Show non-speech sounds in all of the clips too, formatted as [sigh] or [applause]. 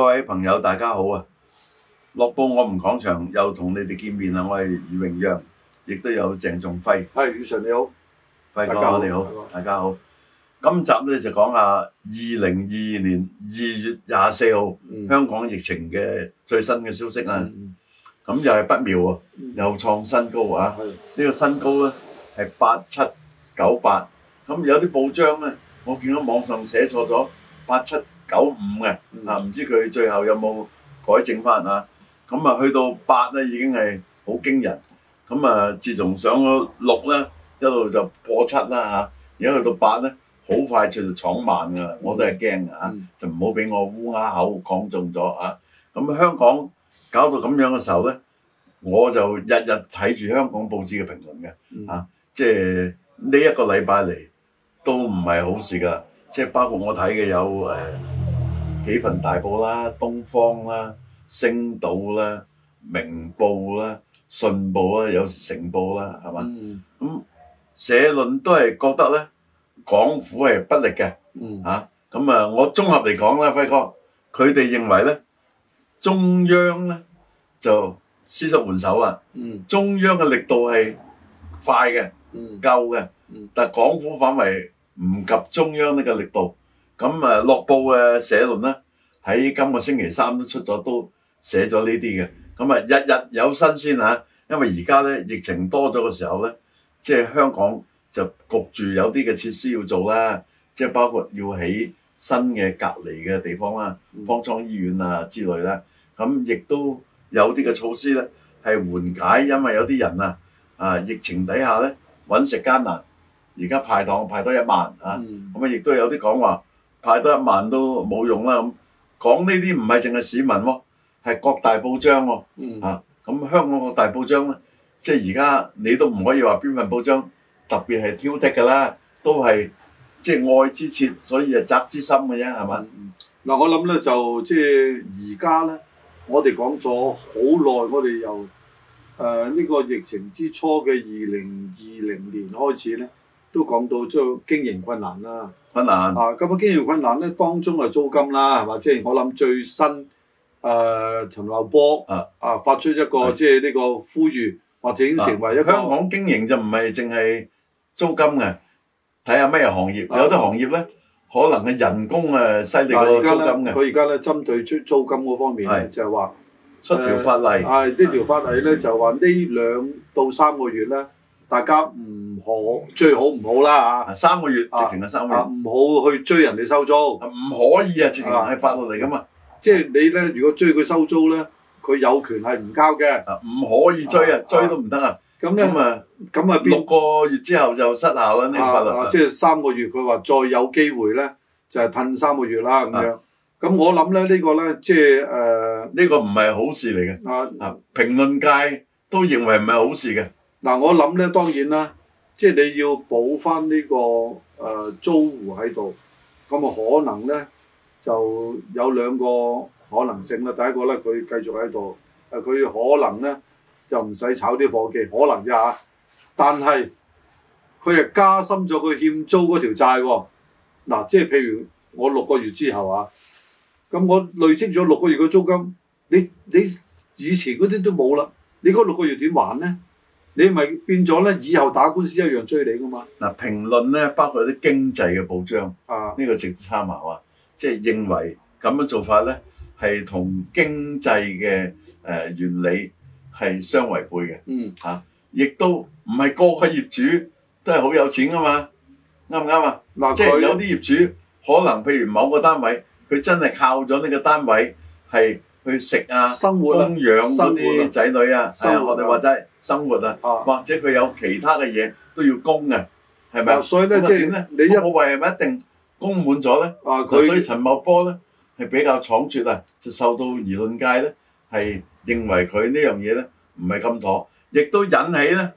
各位朋友，大家好啊！樂報我們講場，又同你哋見面啦！我係余榮陽，亦都有鄭仲輝。係宇晨你好，輝哥你好，大家好。今集咧就講下二零二二年二月廿四號香港疫情嘅最新嘅消息啊！咁又係不妙啊，又創新高啊！呢個新高咧係八七九八，咁有啲報章咧，我見到網上寫錯咗八七九五嘅啊，唔、 [noise] 嗯、知佢最後有冇改正翻啊？咁啊，去到八咧已經係好驚人。咁啊，自從上咗六咧，一路就破七啦嚇，而家去到八咧，好快就就闖萬噶啦。我都係驚啊，就唔好俾我烏鴉口講中咗啊！咁、啊、香港搞到咁樣嘅時候咧，我就日日睇住香港報紙嘅評論嘅啊，嗯、即係呢一個禮拜嚟都唔係好事㗎，即係包括我睇嘅有誒，呃幾份大報啦，東方啦、星島啦、明報啦、信報啦，有時成報啦，係嘛？咁社論都係覺得咧，港府係不力嘅嚇。咁啊，我綜合嚟講咧，輝哥佢哋認為咧，中央咧就施術援手啊，中央嘅力度係快嘅、夠嘅，但港府反為唔及中央呢個力度。咁啊，寫《樂報》嘅社論咧，喺今個星期三都出咗，都寫咗呢啲嘅。咁啊，日日有新鮮嚇、啊，因為而家咧疫情多咗嘅時候咧，即係香港就焗住有啲嘅設施要做啦，即係包括要起新嘅隔離嘅地方啦、方艙醫院啊之類啦。咁亦都有啲嘅措施咧，係緩解，因為有啲人啊，啊疫情底下咧揾食艱難，而家派糖派多一萬啊，咁啊亦都有啲講話。派多一萬都冇用啦咁，講呢啲唔係淨係市民喎、啊，係各大報章喎、啊，嗯、啊咁香港各大報章咧，即係而家你都唔可以話邊份報章特別係挑剔㗎啦，都係即係愛之切，所以係責之心嘅啫、啊，係咪？嗱、嗯啊，我諗咧就即係而家咧，我哋講咗好耐，我哋由誒呢、呃這個疫情之初嘅二零二零年開始咧。都講到即係經營困難啦，困難啊！咁啊，經營困難咧，當中啊租金啦，係嘛？即係我諗最新，誒陳茂波啊啊發出一個即係呢個呼籲，或者成為一個香港經營就唔係淨係租金嘅，睇下咩行業，有啲行業咧可能係人工啊犀利過租金嘅。佢而家咧針對租租金嗰方面，就係話出條法例，係呢條法例咧就話呢兩到三個月咧。大家唔好最好唔好啦嚇，三個月直情係三個月，唔好去追人哋收租，唔可以啊！直情係法律嚟㗎嘛，即係你咧，如果追佢收租咧，佢有權係唔交嘅，唔可以追啊，追都唔得啊！咁咧咪咁咪六個月之後就失效啦呢個法律。即係三個月，佢話再有機會咧，就係褪三個月啦咁樣。咁我諗咧呢個咧，即係誒呢個唔係好事嚟嘅。啊，評論界都認為唔係好事嘅。嗱、啊，我諗咧，當然啦，即係你要補翻呢、這個誒、呃、租戶喺度，咁啊可能咧就有兩個可能性啦。第一個咧，佢繼續喺度，誒、啊、佢可能咧就唔使炒啲伙計，可能嘅嚇。但係佢又加深咗佢欠租嗰條債喎、啊。嗱、啊，即係譬如我六個月之後啊，咁我累積咗六個月嘅租金，你你以前嗰啲都冇啦，你嗰六個月點還咧？你咪變咗咧，以後打官司一樣追你噶嘛？嗱，評論咧包括啲經濟嘅報章，啊，呢個值得參考、呃嗯、啊。即係認為咁樣做法咧係同經濟嘅誒原理係相違背嘅。嗯，嚇，亦都唔係個個業主都係好有錢噶嘛？啱唔啱啊？嗱，即係有啲業主可能，譬如某個單位，佢真係靠咗呢個單位係。去食啊，供養嗰啲仔女啊，係啊，我哋話齋生活啊，或者佢有其他嘅嘢都要供啊，係咪？所以咧，即係你一個位係咪一定供滿咗咧？啊，所以陳茂波咧係比較倉卒啊，就受到輿論界咧係認為佢呢樣嘢咧唔係咁妥，亦都引起咧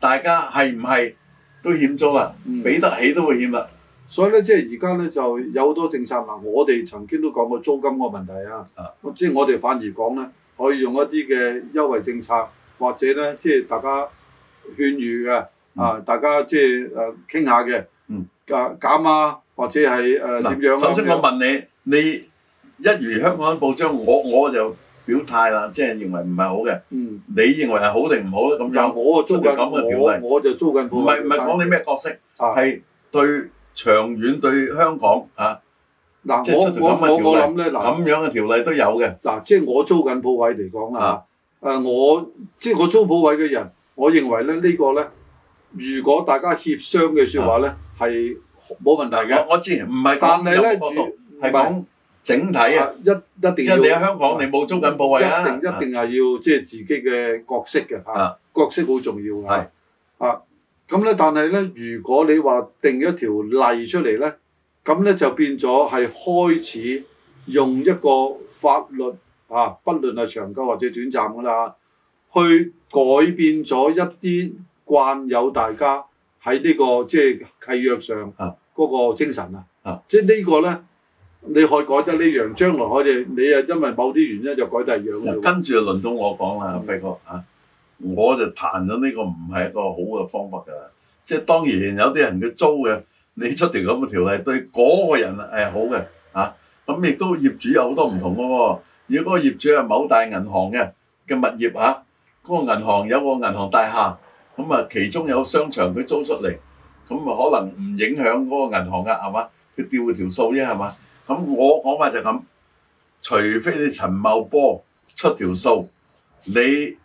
大家係唔係都險咗啊？俾得起都會險啊！所以咧，即係而家咧就有好多政策。嗱，我哋曾經都講過租金個問題啊。啊，即係我哋反而講咧，可以用一啲嘅優惠政策，或者咧，即係大家勸喻嘅、嗯、啊，大家即係誒傾下嘅。嗯。誒減啊，或者係誒點樣。首先我問你，你一如香港報章，我我就表態啦，即係認為唔係好嘅。嗯、你認為係好定唔好咧？咁又我嘅租金，我我就租緊，唔係唔係講你咩角色，係對、嗯。長遠對香港啊！嗱，我我我諗咧，嗱咁樣嘅條例都有嘅。嗱，即係我租緊鋪位嚟講啊，誒，我即係我租鋪位嘅人，我認為咧呢個咧，如果大家協商嘅説話咧，係冇問題嘅。我之前唔係，但係咧住係講整體啊，一一定要。你喺香港，你冇租緊鋪位啦，一定係要即係自己嘅角色嘅嚇，角色好重要嘅。係啊。咁咧，但係咧，如果你話定一條例出嚟咧，咁咧就變咗係開始用一個法律啊，不論係長久或者短暫噶啦，去改變咗一啲慣有大家喺呢、這個即係、就是、契約上嗰個精神啊，即、啊、係呢個咧，你可以改得呢樣，將來我哋你啊因為某啲原因就改第二樣。跟住就輪到我講啦，輝、嗯、哥啊。我就彈咗呢個唔係一個好嘅方法㗎喇，即係當然有啲人嘅租嘅，你出條咁嘅條例對嗰個人係好嘅，嚇咁亦都業主有好多唔同嘅喎。如果嗰個業主係某大銀行嘅嘅物業嚇，嗰個銀行有個銀行大廈，咁啊其中有商場佢租出嚟，咁啊可能唔影響嗰個銀行㗎係嘛？佢調條數啫係嘛？咁我講話就咁，除非你陳茂波出條數，你。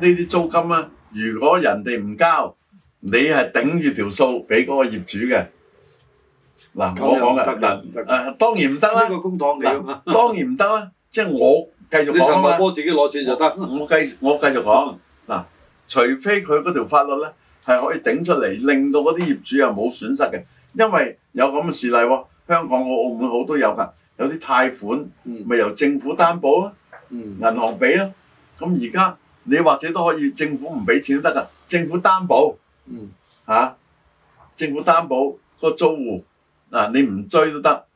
呢啲租金啊，如果人哋唔交，你係頂住條數俾嗰個業主嘅。嗱、啊，我講得唔得？誒，當然唔得啦。呢個公帑你、啊，當然唔得啦。即係我，我，我繼續講啦。你上外自己攞錢就得。我繼我繼續講。嗱、啊，除非佢嗰條法律咧係可以頂出嚟，令到嗰啲業主又冇損失嘅。因為有咁嘅事例，哦、香港好、澳門好都有嘅。有啲貸款咪、嗯、由政府擔保咯，銀行俾咯。咁而家。你或者都可以，政府唔俾錢都得噶，政府擔保，嗯嚇，政府擔保個租戶嗱，你唔追都得，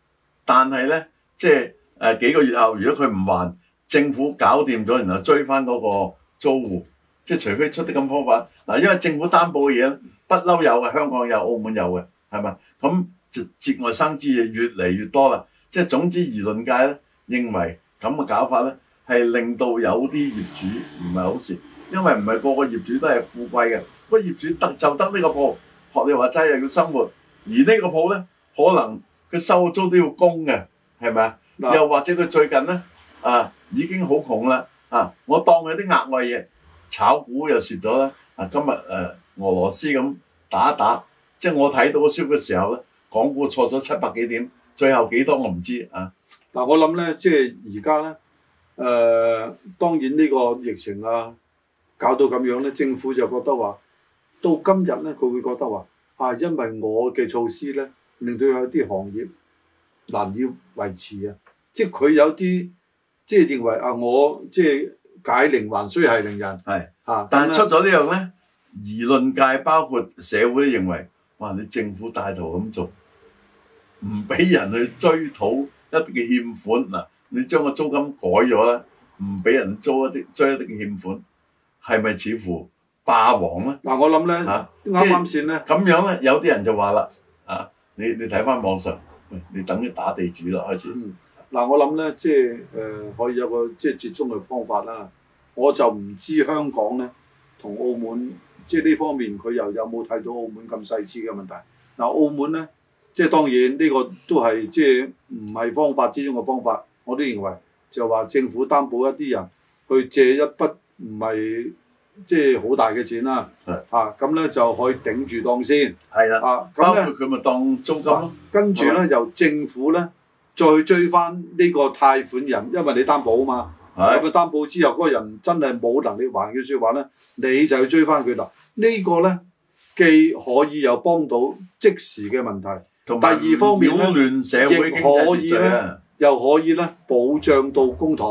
但係咧，即係誒幾個月後，如果佢唔還，政府搞掂咗，然後追翻嗰個租戶，即係除非出啲咁方法嗱，因為政府擔保嘅嘢不嬲有嘅，香港有，澳門有嘅，係咪？咁就節外生枝嘢越嚟越多啦，即係總之，輿論界咧認為咁嘅搞法咧。係令到有啲業主唔係好事，因為唔係個個業主都係富貴嘅。個業主得就得呢個鋪，學你話齋又要生活，而個呢個鋪咧，可能佢收租都要供嘅，係咪啊？但又或者佢最近咧啊已經好窮啦啊！我當佢啲額外嘢，炒股又蝕咗啦啊！今日誒、呃、俄羅斯咁打一打，即係我睇到消息嘅時候咧，港股錯咗七百幾點，最後幾多我唔知啊！嗱，我諗咧，即係而家咧。誒、呃，當然呢個疫情啊，搞到咁樣咧，政府就覺得話，到今日咧，佢會覺得話，啊，因為我嘅措施咧，令到有啲行業難以維持啊，即係佢有啲即係認為啊，我即係解鈴還須繫鈴人，係嚇，但係出咗呢樣咧，輿論界包括社會認為，哇！你政府帶頭咁做，唔俾人去追討一啲嘅欠款嗱、啊。你將個租金改咗咧，唔俾人租一啲將一啲欠款，係咪似乎霸王咧？嗱、啊，我諗咧嚇，啱啱先咧咁樣咧，有啲人就話啦：，啊，你你睇翻網上，你等於打地主啦開始。嗱、嗯啊，我諗咧，即係誒、呃、可以有個即係折中嘅方法啦。我就唔知香港咧同澳門即係呢方面佢又有冇睇到澳門咁細緻嘅問題。嗱、啊，澳門咧即係當然呢個都係即係唔係方法之中嘅方法。我都認為就話政府擔保一啲人去借一筆唔係即係好大嘅錢啦、啊，嚇咁咧就可以頂住當先，係啦、啊，包括佢咪當租客、啊，跟住咧的由政府咧再去追翻呢個貸款人，因為你擔保啊嘛，有個的擔保之後嗰個人真係冇能力還嘅説話咧，你就去追翻佢啦。這個、呢個咧既可以有幫到即時嘅問題，第二方面社亦可以咧。又可以咧保障到公帑，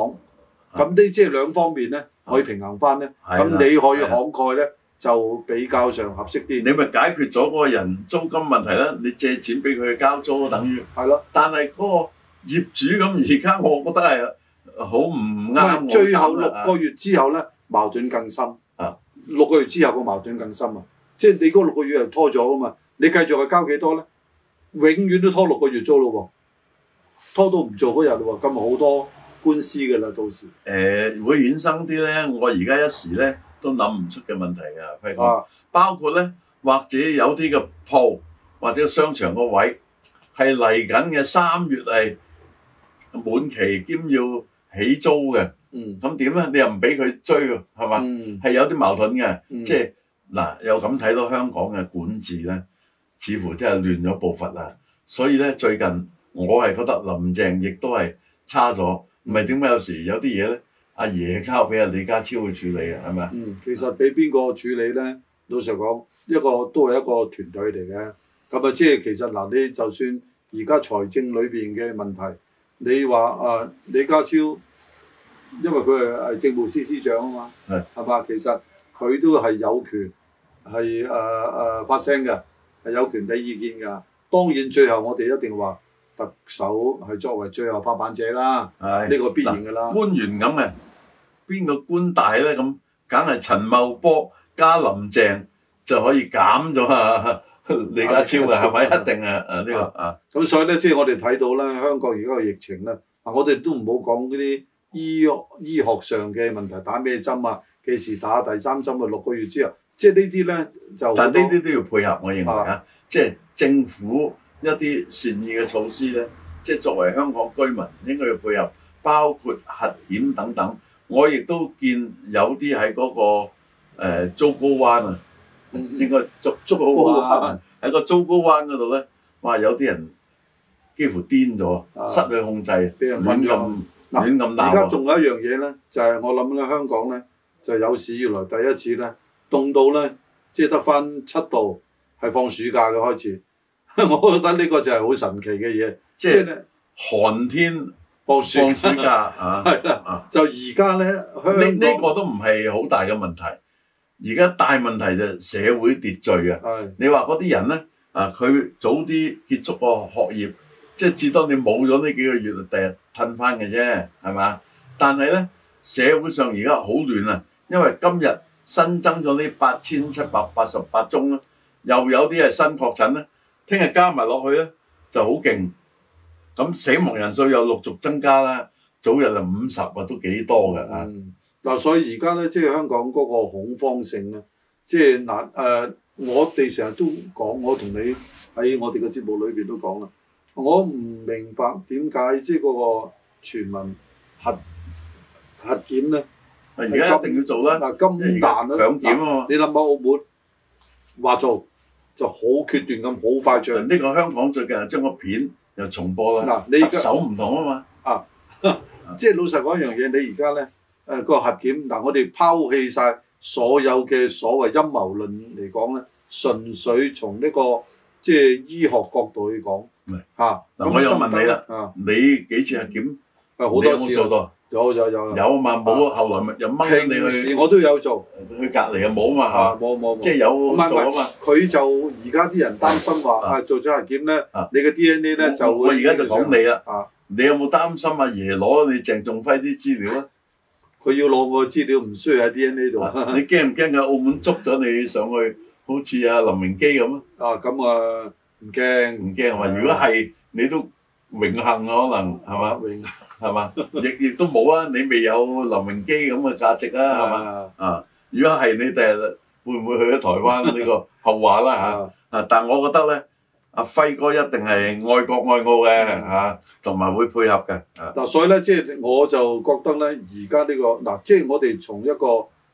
咁呢、啊，即係兩方面咧可以平衡翻咧。咁、啊、你可以慷慨咧就比較上合適啲。你咪解決咗嗰個人租金問題啦，你借錢俾佢交租，等於係咯。的但係嗰個業主咁而家，我覺得係好唔啱。最後六個月之後咧，啊、矛盾更深。啊，六個月之後個矛盾更深啊！即係你嗰六個月係拖咗噶嘛？你繼續去交幾多咧？永遠都拖六個月租咯喎！拖到唔做嗰日你話，今日好多官司嘅啦，到時。誒、呃，如果衍生啲咧，我而家一時咧都諗唔出嘅問題啊，譬如講。啊，包括咧，或者有啲嘅鋪，或者商場個位，係嚟緊嘅三月係滿期兼要起租嘅。嗯。咁點咧？你又唔俾佢追，係嘛？嗯。係有啲矛盾嘅，嗯、即係嗱，又咁睇到香港嘅管治咧，似乎真係亂咗步伐啦。所以咧，最近。我係覺得林鄭亦都係差咗，唔係點解有時有啲嘢咧？阿爺，爺交俾阿李家超去處理啊，係咪？嗯，其實俾邊個處理咧？老實講，一個都係一個團隊嚟嘅。咁啊、就是，即係其實嗱、呃，你就算而家財政裏邊嘅問題，你話啊、呃、李家超，因為佢係係政務司司長啊嘛，係係嘛？其實佢都係有權係誒誒發聲嘅，係有權俾意見㗎。當然最後我哋一定話。特首係作為最後拍板者啦，呢個係必然噶啦。官員咁嘅，邊個官大咧咁？梗係陳茂波加林鄭就可以減咗啊李家超啊，係咪一定啊？啊呢個啊。咁所以咧，即係我哋睇到咧，香港而家個疫情咧，嗱，我哋都唔好講嗰啲醫醫學上嘅問題，打咩針啊，幾時打第三針啊？六個月之後，即係呢啲咧就。但呢啲都要配合，我認為係啊，即係政府。一啲善意嘅措施咧，即係作為香港居民應該要配合，包括核檢等等。我亦都見有啲喺嗰個誒、呃、竹篙灣啊，應該捉竹篙灣喺個竹篙灣嗰度咧，哇！有啲人幾乎癲咗，啊、失去控制，俾人揾咗。而家仲有一樣嘢咧，就係、是、我諗咧，香港咧就是、有史以來第一次咧，凍到咧，即係得返七度，係放暑假嘅開始。 [laughs] 我覺得呢個就係好神奇嘅嘢，即係寒天放暑假，係啦。就而家咧，呢呢、呢個呢個都唔係好大嘅問題。而家大問題就係社會秩序啊。的你話嗰啲人咧，啊佢早啲結束個學業，即係至多你冇咗呢幾個月，第日褪翻嘅啫，係嘛？但係咧，社會上而家好亂啊，因為今日新增咗呢八千七百八十八宗啦，又有啲係新確診咧。聽日加埋落去咧，就好勁。咁死亡人數又陸續增加啦。早日就五十啊，都幾多嘅啊！嗱，所以而家咧，即係香港嗰個恐慌性咧，即係嗱誒，我哋成日都講，我同你喺我哋嘅節目裏邊都講啦。我唔明白點解即係嗰個全民核核檢咧？而家一定要做啦！嗱，金彈啦，強檢喎、啊。你諗下，澳門話做？就好決斷咁，好快脆。呢個香港最近將個片又重播啦。嗱，你而家手唔同嘛啊嘛。啊，啊即係老實講一樣嘢，你而家咧，誒、呃嗰個核檢嗱，我哋拋棄晒所有嘅所謂陰謀論嚟講咧，純粹從呢、呢個即係醫學角度去講。唔係。嚇！嗱，我又問你啦，啊、你幾次核檢？係好、嗯、多次啊！有有有有啊嘛，冇啊，後來咪又掹你去。電視我都有做，佢隔離啊冇啊嘛，冇冇，即係有掹啊嘛。佢就而家啲人擔心話啊，做咗人檢咧，你嘅 DNA 咧就會。我而家就講你啦，你有冇擔心阿爺攞你鄭仲輝啲資料啊？佢要攞我資料唔需要喺 DNA 度？你驚唔驚啊？澳門捉咗你上去，好似阿林榮基咁啊？咁啊唔驚唔驚係嘛？如果係你都榮幸可能係嘛榮。係嘛？亦 [laughs] 亦都冇啊！你未有林榮基咁嘅價值啊？係嘛啊！如果係你第日會唔會去咗台灣呢個後話啦嚇 [laughs] [laughs] 啊！但我覺得咧，阿輝哥一定係愛國愛澳嘅嚇，同、啊、埋會配合嘅 [laughs] 啊！嗱，所以咧，即、就、係、是、我就覺得咧，而家呢個嗱，即、啊、係、就是、我哋從一個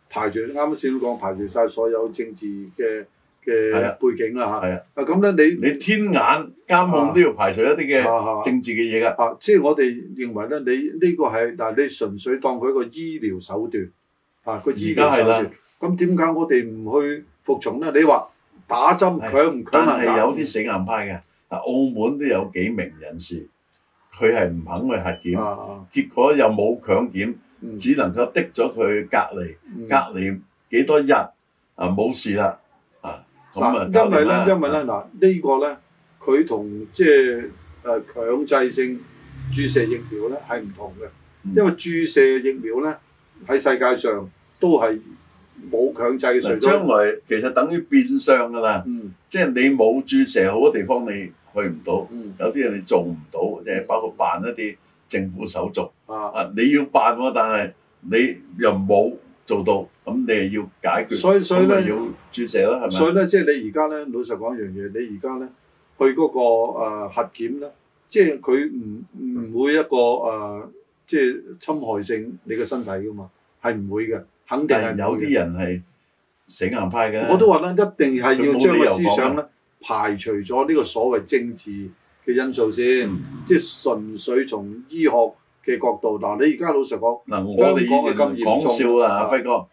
排除啱先講排除晒所有政治嘅嘅背景啦嚇，啊咁咧你你天眼監控都要排除一啲嘅政治嘅嘢噶，即係我哋認為咧，你呢個係但係你純粹當佢一個醫療手段啊，佢而家係啦。咁點解我哋唔去服從咧？你話打針強唔強？但係有啲死硬派嘅，啊澳門都有幾名人士，佢係唔肯去核檢，結果又冇強檢，只能夠逼咗佢隔離，隔離幾多日啊冇事啦。嗱，因為咧，嗯、因為咧，嗱、嗯，個呢個咧，佢同即係誒強制性注射疫苗咧係唔同嘅，因為注射疫苗咧喺世界上都係冇強制性、嗯，嘅將來其實等於變相㗎啦。嗯、即係你冇注射，好多地方你去唔、嗯、到，有啲人你做唔到，即係包括辦一啲政府手續、嗯、啊，你要辦喎，但係你又冇。做到咁，你係要解決，所以所以咧要注射啦，係咪？所以咧，即係你而家咧，老實講一樣嘢，你而家咧去嗰個、呃、核檢咧，即係佢唔唔會一個誒、呃，即係侵害性你個身體噶嘛，係唔會嘅，肯定係有啲人係死硬派嘅。我都話啦，一定係要將啲思想咧排除咗呢個所謂政治嘅因素先，嗯嗯、即係純粹從醫學，嘅角度嗱，你而家老實講，嗱我哋講咁講笑啊，阿輝哥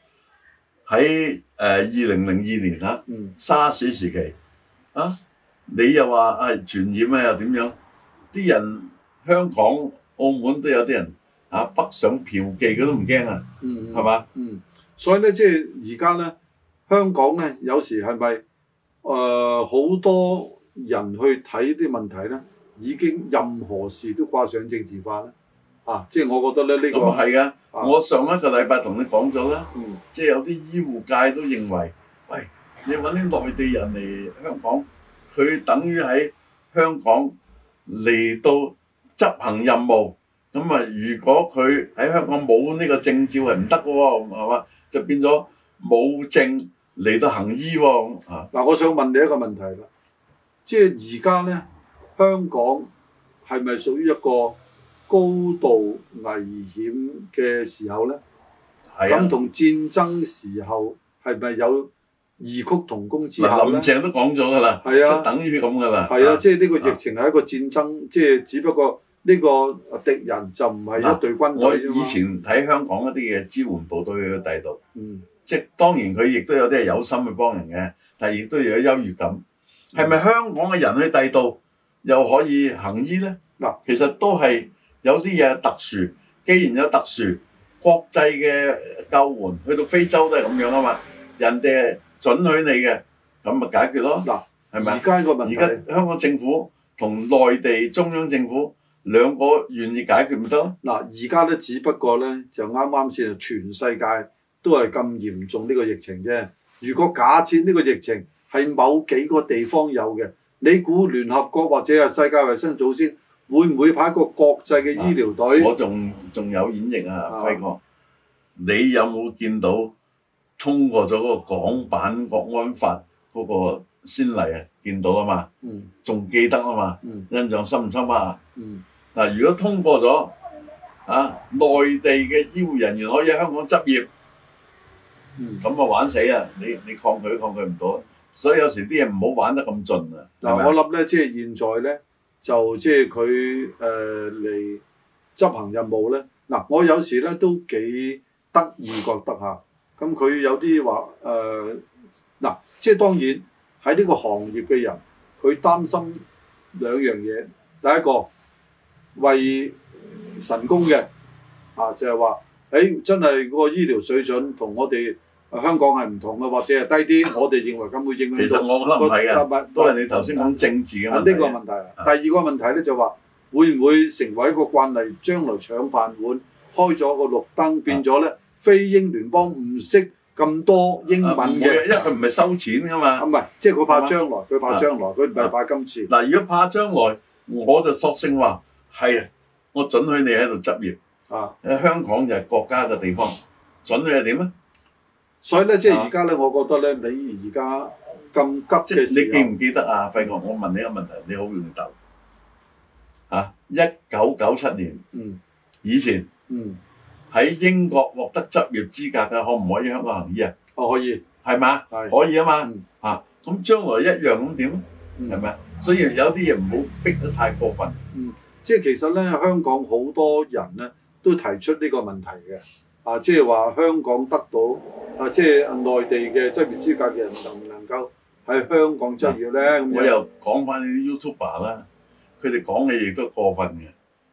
喺誒二零零二年啦，嗯、沙士時期啊，你又話啊、哎、傳染啊又點樣？啲人香港、澳門都有啲人啊北上嫖妓，佢都唔驚啊，係嘛、嗯吧嗯？嗯，所以咧，即係而家咧，香港咧，有時係咪誒好多人去睇啲問題咧，已經任何事都掛上政治化咧？啊！即係我覺得咧、這個，呢個係㗎。啊、我上一個禮拜同你講咗啦，嗯、即係有啲醫護界都認為，喂，你搵啲內地人嚟香港，佢等於喺香港嚟到執行任務。咁啊，如果佢喺香港冇呢個證照係唔得嘅喎，係嘛？就變咗冇證嚟到行醫喎。啊！嗱、啊，我想問你一個問題啦，即係而家咧，香港係咪屬於一個高度危險嘅時候咧，咁同、啊、戰爭時候係咪有異曲同工之效咧？林鄭都講咗㗎啦，即係、啊、等於咁㗎啦。係啊，啊即係呢個疫情係一個戰爭，即係、啊、只不過呢個敵人就唔係一隊軍隊、啊。我以前睇香港一啲嘅支援部隊去咗帝道，嗯，即係當然佢亦都有啲係有心去幫人嘅，但係亦都有啲優越感。係咪、嗯、香港嘅人去帝道又可以行醫咧？嗱，其實都係。有啲嘢特殊，既然有特殊，國際嘅救援去到非洲都係咁樣啊嘛，人哋係準許你嘅，咁咪解決咯。嗱，係咪？而家個問題，而家香港政府同內地中央政府兩個願意解決，唔得？嗱，而家咧，只不過咧，就啱啱先，全世界都係咁嚴重呢個疫情啫。如果假設呢個疫情係某幾個地方有嘅，你估聯合國或者係世界衞生組織？會唔會派一個國際嘅醫療隊？我仲仲有演繹啊，輝哥，你有冇見到通過咗嗰個港版國安法嗰個先例啊？見到啊嘛，仲記得啊嘛，印象深唔深啊？嗯，嗱，如果通過咗啊，內地嘅醫護人員可以喺香港執業，嗯，咁啊玩死啊！你你抗拒抗拒唔到，所以有時啲嘢唔好玩得咁盡啊！嗱，我諗咧，即係現在咧。就即係佢誒嚟執行任務咧，嗱我有時咧都幾得意覺得嚇，咁佢有啲話誒，嗱、呃、即係當然喺呢個行業嘅人，佢擔心兩樣嘢，第一個為神功嘅啊，就係話誒真係嗰個醫療水準同我哋。香港係唔同嘅，或者係低啲。我哋認為咁會影響到。其實我覺得都係你頭先講政治嘅問題。呢個問題，第二個問題咧就話會唔會成為一個慣例？將來搶飯碗，開咗個綠燈，變咗咧非英聯邦唔識咁多英文嘅，因為佢唔係收錢嘅嘛。唔係，即係佢怕將來，佢怕將來，佢唔係怕今次。嗱，如果怕將來，我就索性話係，我准許你喺度執業。啊，喺香港就係國家嘅地方，准許係點咧？所以咧，即係而家咧，我覺得咧，你而家咁急，即係你記唔記得啊？費哥，我問你一個問題，你好容易答嚇。一九九七年，嗯，以前，嗯，喺英國獲得執業資格嘅，可唔可以香港行醫啊？哦，可以，係嘛嗎？是可以啊嘛嚇。咁將來一樣咁點？係咪？嗯、吧所以有啲嘢唔好逼得太過分。嗯，即係其實咧，香港好多人咧都提出呢個問題嘅。啊，即係話香港得到啊，即、就、係、是、內地嘅執業資格嘅人能唔能夠喺香港執業咧、嗯？我又講翻啲 YouTuber 啦，佢哋講嘅亦都過分嘅。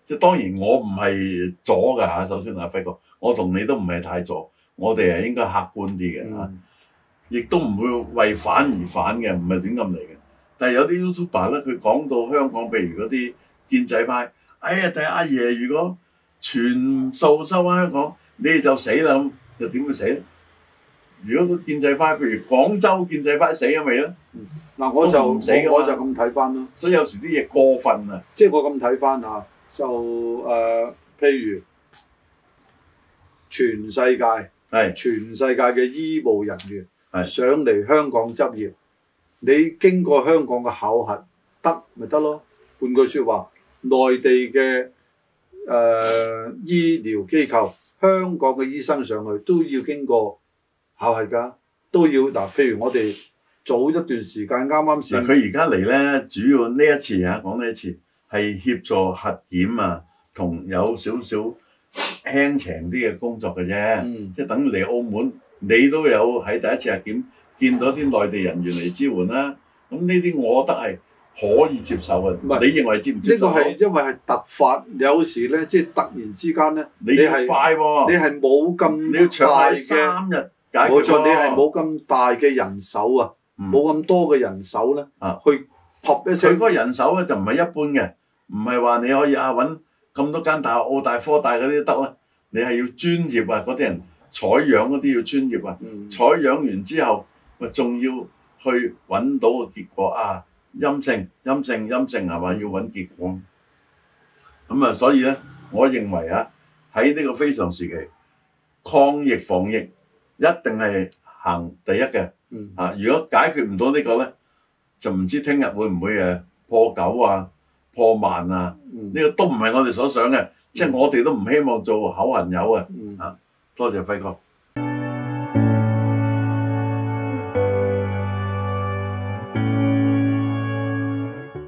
即係當然我唔係左㗎嚇，首先阿輝哥，我同你都唔係太左，我哋係應該客觀啲嘅嚇，亦、嗯、都唔會為反而反嘅，唔係點咁嚟嘅。但係有啲 YouTuber 咧，佢講到香港，譬如嗰啲建制派，哎呀，但係阿爺如果，全數收翻香港，你哋就死啦咁，又點會死咧？如果個建制派，譬如廣州建制派死咗未咧？嗱、嗯，我，我就死。我就咁睇翻咯。所以有時啲嘢過分啊，即係、嗯、我咁睇翻啊，就誒，譬、呃、如全世界係是全世界嘅醫務人員係上嚟香港執業，是你經過香港嘅考核得咪得咯？半句説話，內地嘅。誒、呃、醫療機構，香港嘅醫生上去都要經過考核㗎，都要嗱，譬如我哋早一段時間啱啱先，佢而家嚟咧，主要呢一次啊，講呢一次係協助核檢啊，同有少少輕鬆啲嘅工作嘅啫，即係、嗯、等嚟澳門，你都有喺第一次核檢見到啲內地人員嚟支援啦、啊，咁呢啲我覺得係。可以接受啊！唔係是你認為知唔知？呢個係因為係突發，有時咧即係突然之間咧，你係快喎、哦，你係冇咁大嘅，冇錯你係冇咁大嘅人手啊，冇咁、嗯、多嘅人手咧，啊、去合嘅，所以個人手咧就唔係一般嘅，唔係話你可以啊揾咁多間大學、澳大、科大嗰啲都得啦，你係要專業啊，嗰啲人採樣嗰啲要專業啊，嗯、採樣完之後，咪仲要去揾到個結果啊！陰性，陰性，陰性係嘛？要揾結果咁啊！所以咧，我認為啊，喺呢個非常時期，抗疫防疫一定係行第一嘅。啊，如果解決唔到呢個咧，就唔知聽日會唔會誒破九啊、破萬啊？呢、呢個都唔係我哋所想嘅，即係、嗯、我哋都唔希望做口痕友嘅。啊，多謝輝哥。